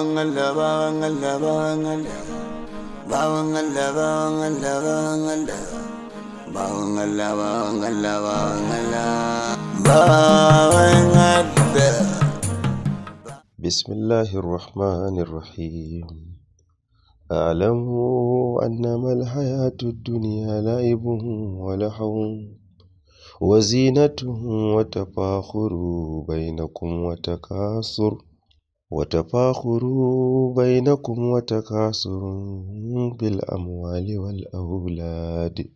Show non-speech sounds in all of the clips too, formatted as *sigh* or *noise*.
بسم الله الرحمن الرحيم اعلموا انما الحياه الدنيا لعب ولحو وزينه وتفاخر بينكم وتكاثر وتفاخروا بينكم وتكاسروا بالأموال والأولاد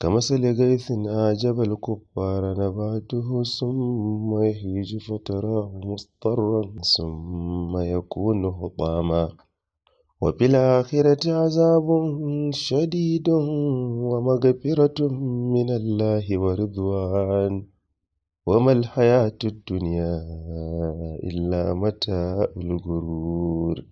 كمثل غيث أعجب الكفار نباته ثم يهيج فتراه مصطرا ثم يكون هطاما وفي الآخرة عذاب شديد ومغفرة من الله ورضوان وما الحياة الدنيا إلا متاع الغرور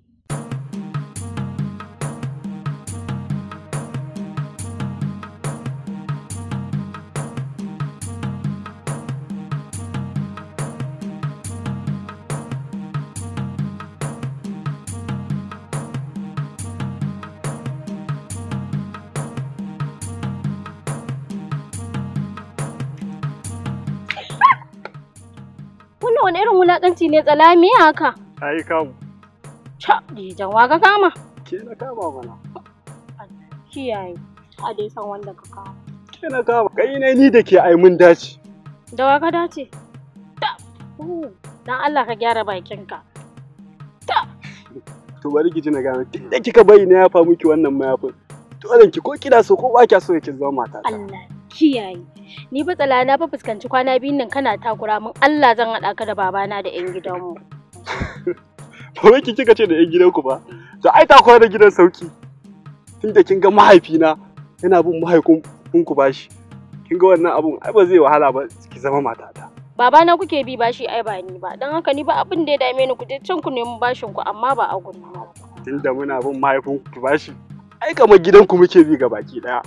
wani irin wulaƙanci ne tsala me haka? Ta yi kamu. Ca, jijan waga kama. Ke na kama mana. Kiyaye, a dai san wanda ka kama. Ke na kama, kai na ni da ke ai mun dace. Da waga dace? Ta, dan Allah ka gyara bakinka. Ta. To bari ki ji na gano, tun da kika bayi ya fa miki wannan mayafin. To ki ko kina so ko ba kya so ki zama matata. Allah kiyaye. ni ba tsala na fa fuskanci kwana biyun nan kana takura mun Allah zan haɗa ka da babana da 'yan gidanmu *laughs* ba wai kin kika ce da 'yan gidanku ba to ai takura da gidan sauki tunda kin ga mahaifina yana bin mahaifin ku bashi kin ga wannan abun ai ba zai wahala ba ki zama matata babana kuke bi bashi ai ba ni ba dan haka ni ba abin da ya dame ni ku je can ku nemi bashin ku amma ba a gurna tunda muna bin mahaifin ku bashi ai kamar gidanku muke bi ga baki daya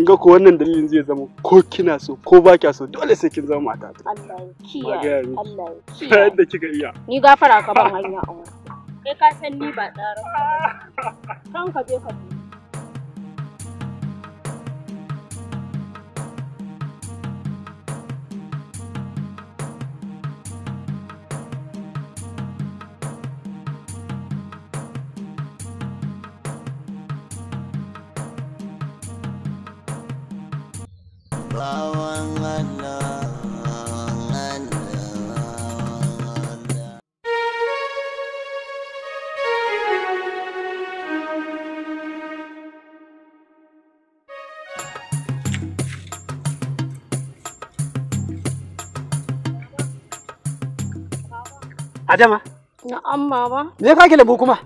kin ga ko wannan dalilin zai zama ko kina so ko ba kya so dole sai kin zama mata Allah kiya Allah *laughs* kiya yadda kika iya ni gafara ka ban hanya a wani *laughs* kai ka san ni ba tsarin ka kan ka je ka Adama. Na'am baba. Me kake lambu kuma?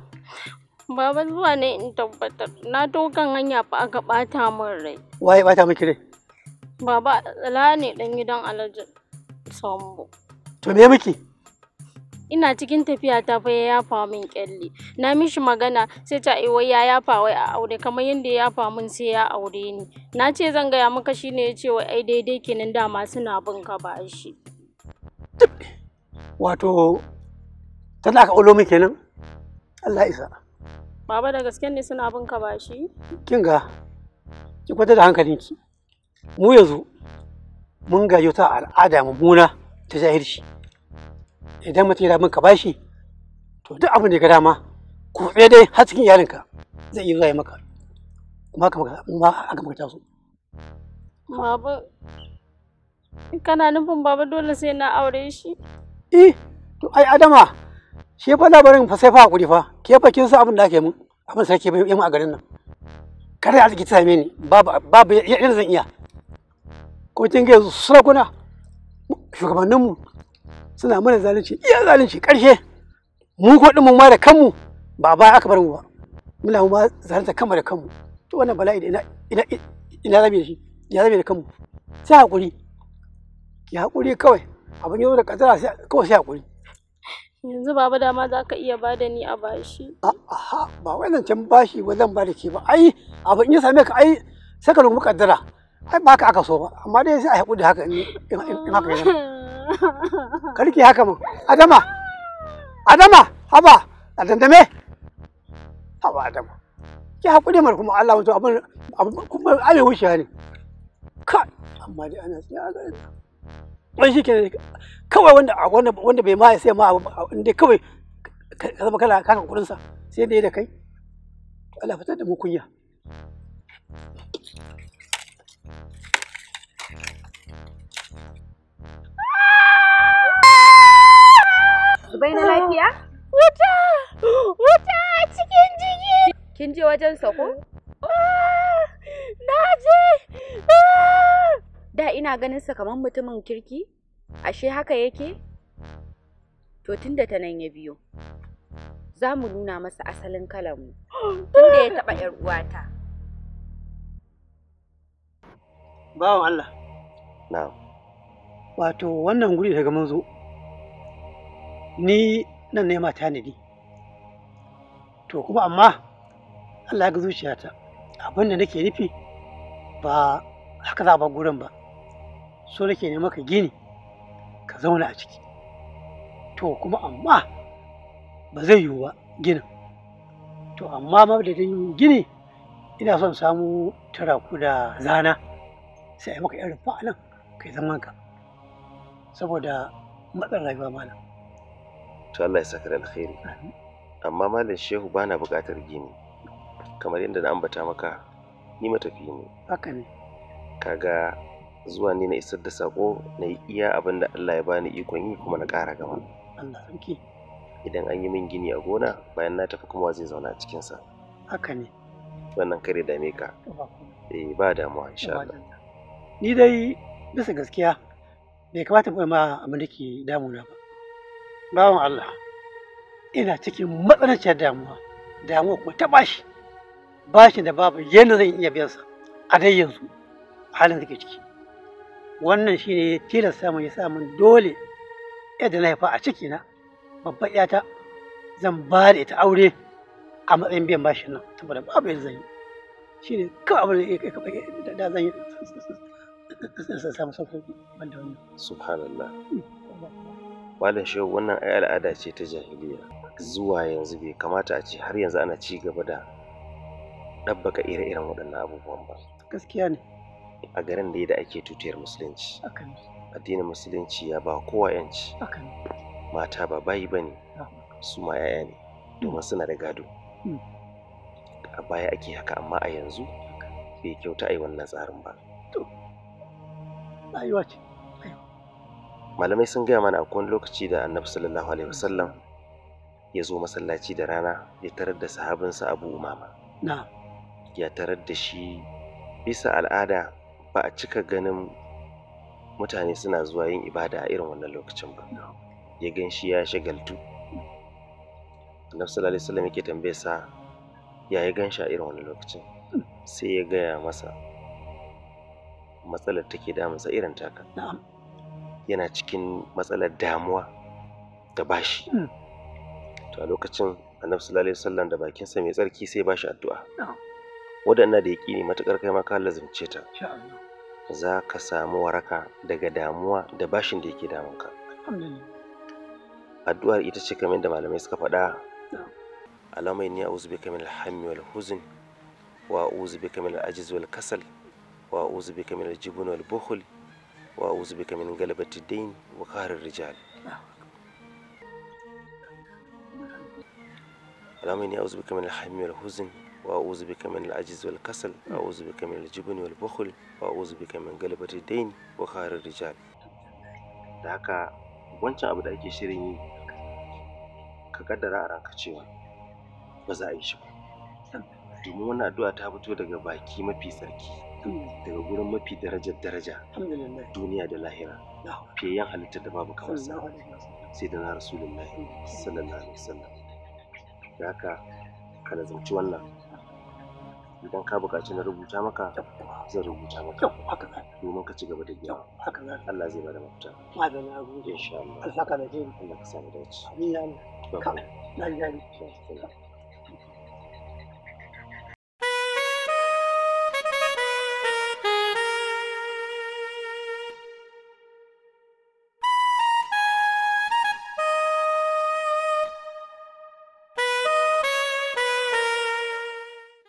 Baba zuwa ne in tabbatar. Na to kan hanya fa aka bata min rai. Waye bata miki rai? Baba ala ne dan gidan Alhaji Sambo. To me miki? Ina cikin tafiya ta fa ya yafa min kyalle. Na mishi magana sai ta iwo ya fa wai a aure kamar yadda ya yafa min sai ya aure ni. Na ce zan gaya maka shine ya ce wai ai daidai kenan dama suna bin ka bashi. Wato tana aka ɓullo min kenan Allah isa baba da gaske ne suna bin ka bashi kin ga ki kwata da hankalinki mu yanzu mun gaji ta al'ada mummuna ta jahilci idan mutum yana bin ka bashi to duk abin da ga dama ku tsaye dai har cikin iyalinka zai iya zuwa ya maka kuma ka ma aka maka taso Baba, kana nufin baba dole sai na aure shi? Eh, to ai Adama, shi fa labarin fa sai fa hakuri fa ke fa kin san abin da ake mun abin sarki bai yi mu a garin nan kada ya arziki ta same ni babu babu zan iya ko kin ga sarakuna shugabannin mu suna mana zalunci iya zalunci karshe mu ko din mun ma da kanmu ba ba aka bar mu ba muna mu ma zalunta kanmu da kanmu to wannan bala'i da ina ina ina zabe da shi ya zabe da kanmu sai hakuri ki hakuri kawai abin yau da kadara kawai sai hakuri yanzu baba dama za ka iya bada ni a bashi aha ba wai can bashi ba zan bada ke ba ai in ya same ka ai sai ka rubu kaddara ai ba haka aka so ba amma dai sai a haƙu da haka in haka yana *laughs* karki haka mun adama adama haba a dandame haba adama ki haƙuri mar kuma Allah mutu abin kuma ai wuce ne kai amma dai ana tsaya a garin wai shi ke kawai wanda wanda bai ma sai ma inda kawai ka zama kala kaka kudin sa sai da da kai Allah fitar da mu kunya Zubai na lafiya? Wuta! Wuta cikin jiki! Kin je wajen sako? Ah! Na je! Ah! da ina ganin sa kamar mutumin kirki ashe haka yake to tunda ta nan ya biyo za mu nuna masa asalin kalanmu tunda ya taɓa 'yar uwata bawan Allah na'am wato wannan guri daga mun zo ni nan ne mata ne to kuma amma Allah ya ga zuciyata abin da nake nufi ba haka za ba gurin ba so nake ne maka gini ka zauna a ciki to kuma amma ba zai yiwu ba ginin to amma madadin gini ina son samu taraku da zana sai a yi maka irin kai zaman ka saboda matsan rayuwa malam to Allah ya saka alkhairi amma malam shehu ba na buƙatar gini kamar yadda na ambata maka ni matafi ne haka ne kaga zuwa ne na isar da sako na yi iya abin da Allah ya bani ikon yi kuma na ƙara gama. Allah sarki idan an yi min gini a gona bayan na tafi kuma zai zauna a cikinsa haka ne wannan kare dame ka eh ba damuwa insha Allah ni dai bisa gaskiya bai kamata ba ma abin da ke damuna ba bawan Allah ina cikin matsananciyar damuwa damuwa kuma ta bashi Bashi da babu yadda zan iya sa a dai yanzu a halin da ke ciki wannan shi ne tilasta mun ya samun dole yadda na haifa a ciki na babbar yata zan ba da ita aure a matsayin biyan bashin nan saboda babu yadda zan yi ne kawai abin da da zan yi samu sauƙi banda wannan subhanallah hmm. malam shehu wannan ai al'ada ce ta jahiliya zuwa yanzu bai kamata a ce har yanzu ana ci gaba da ɗabbaka ire-iren waɗannan abubuwan ba gaskiya ne a garin da da ake tutiyar musulunci addinin musulunci ya ba kowa yanci mata ba bayi ba ne su ma yaya ne domin hmm. suna da gado hmm. a baya ake haka amma a yanzu bai kyauta a yi wannan tsarin ba malamai sun gaya mana akwai wani lokaci da annabi sallallahu alaihi wasallam ya zo masallaci da rana ya tarar da sahabinsa abu umama ya tarar da shi bisa al'ada ba a cika ganin mutane suna zuwa yin ibada a irin wannan lokacin ba ya gan shi ya shagaltu annabi sallallahu alaihi wasallam yake tambaye sa ya ya gan shi a irin wannan lokacin sai ya gaya masa matsalar take damunsa irin taka yana cikin matsalar damuwa da bashi hmm. to a lokacin annabi sallallahu alaihi wasallam da bakinsa mai tsarki sai bashi addu'a waɗannan da ne matuƙar kai ma ka lazimce ta za ka samu waraka daga damuwa da bashin da yake damunka addu'ar ita ce kamar da malamai suka faɗa alamai ni a'udhu bika min al-hammi wal huzn wa a'udhu bika min al-ajz wal kasal wa a'udhu bika min al-jubn wal bukhl wa a'udhu bika min galabati ad din wa qahr rijal alamai ni a'udhu bika min al-hammi wal huzn وأعوذ بك من العجز والكسل وأعوذ بك من الجبن والبخل وأعوذ بك من غلبة الدين وخار الرجال da haka wancan abu da ake shirin yi ka kaddara a ranka cewa ba za a yi shi ba domin wannan addu'a ta fito daga baki mafi tsarki daga gurin mafi darajar daraja duniya da lahira fiye fiyayyen halittar da babu kamar sa sai da na rasulullahi sallallahu alaihi wasallam da haka ka nazarci wannan idan ka buƙaci na rubuta maka zan rubuta maka domin ka ci gaba da gyara Allah zai bada mafita magana na insha Allah Allah ka da Allah ka sa mu dace amin ya Allah ka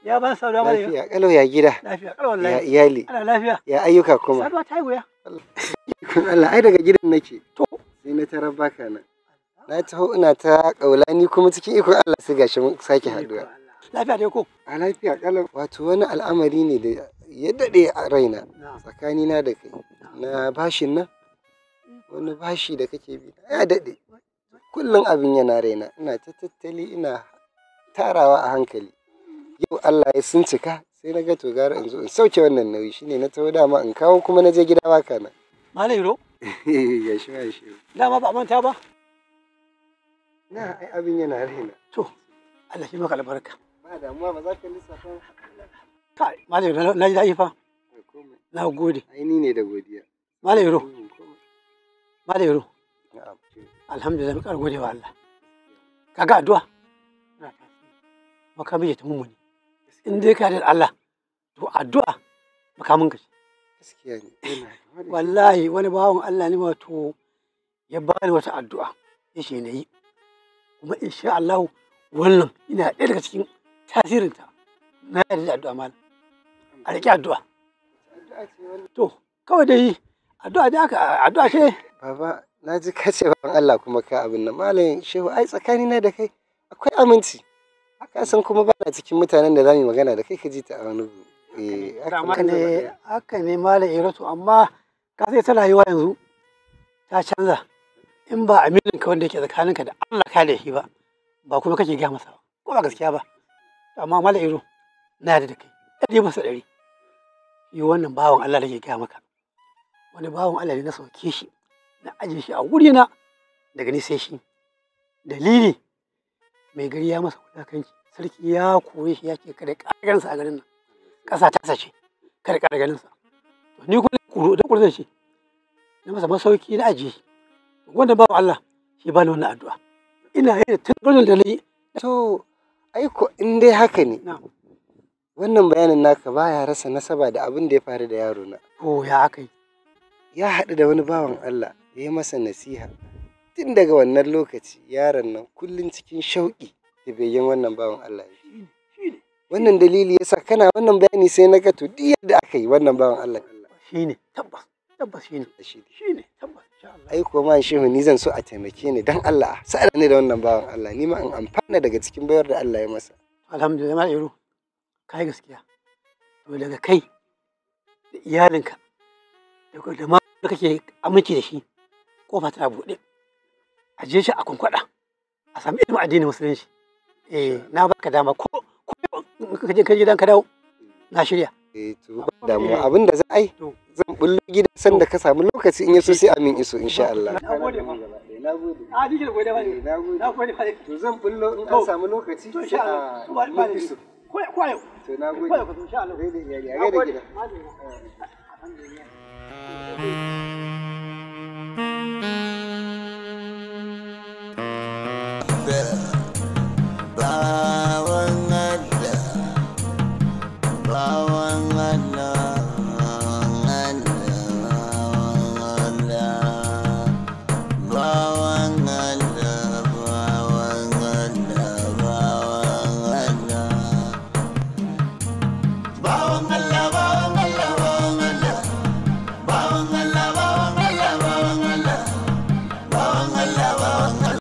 Ya Lafiya ya gida. Lafiya Ya Ana lafiya. Ya ayyuka kuma. ta *laughs* Allah ai daga gidan To na tarar baka Na taho ina ta kaulani kuma cikin ikon Allah sai gashi mu sake haduwa. Lafiya ko? A lafiya Wato wani al'amari ne da ya daɗe a raina tsakanina da kai. Na bashin nan wani bashi da kake bi ya daɗe? Kullum abin yana raina ina ta tattali ina tarawa a hankali. yau Allah ya sun cika sai na ga to gara in zo in sauke wannan nauyi shine na taho dama in kawo kuma na je gida baka na. malam ro *laughs* ya shi ya shi dama ba manta ba na ai abin yana raina to Allah shi maka albarka ba damuwa ba za ka lissafa kai malam na ji daɗi fa na gode ai ni ne da godiya malam ro malam ro alhamdulillah mu kar gode wa Allah kaga addu'a maka mije ta mummuni in dai ka da Allah to addu'a makamin ka gaskiya ne wallahi wani bawon Allah ne wato ya ni wata addu'a ya shi na yi kuma insha Allah wannan ina ɗaya daga cikin tasirinta na yi da addu'a malam a riƙe addu'a to kawai dai addu'a da aka addu'a ce baba na ji ka ce ban Allah kuma ka abin nan malam shehu ai tsakanina da kai akwai aminci haka san kuma ba na cikin mutanen da za mu yi magana da kai ka ji ta a wani eh haka ne malam iratu amma ka sai ta rayuwa yanzu ta canza in ba aminin ka wanda yake tsakaninka da Allah ka da shi ba ba kuma kake gaya masa ko ba gaskiya ba amma malam iro na yadda da kai ɗari masa ɗari yi wannan bawan Allah da ke gaya maka wani bawan Allah ne na sauke shi na ajiye shi a wuri na daga ni sai shi dalili mai gari ya masa kanki sarki ya koye shi ya ce kada sa a garin nan ƙasa ta sace kada sa ni kuma kuro da kurzan shi na masa masauki na aje wanda babu Allah shi ba ni wannan addu'a ina yin tunanin da ni to aiko in dai haka ne wannan bayanin naka baya rasa nasaba da abin da ya faru da yaro na oh ya akai ya haɗu da wani bawan Allah ya yi masa nasiha tun daga wannan lokaci yaron nan kullum cikin shauƙi da begen wannan bawan Allah ya wannan dalili sa kana wannan bayani sai na gato duk yadda aka yi wannan bawan Allah ne tabbas tabbas shi ne tabbas ai kuwa man shehu ni zan so a taimake ni dan Allah sa'a ne da wannan bawan Allah ni ma in amfana daga cikin bayar da Allah ya masa alhamdulillah mai iro kai gaskiya to daga kai da iyalinka da ma kake aminci da shi kofa ta buɗe a je shi a kunkwada a sami ilimin addinin musulunci eh na baka dama ko ko ka je ka gidan ka dawo na shirya eh to damu eh. abin da za ai zan bullo gidan san da ka samu lokaci in yaso sai amin iso insha Allah na gode ma na gode a dike gode ba eh, na gode na gode to zan bullo in ka samu lokaci to insha Allah ba ni iso ko ko ayo to na gode ko insha Allah gaida iyali a gaida gida alhamdulillah eh. better. Blah.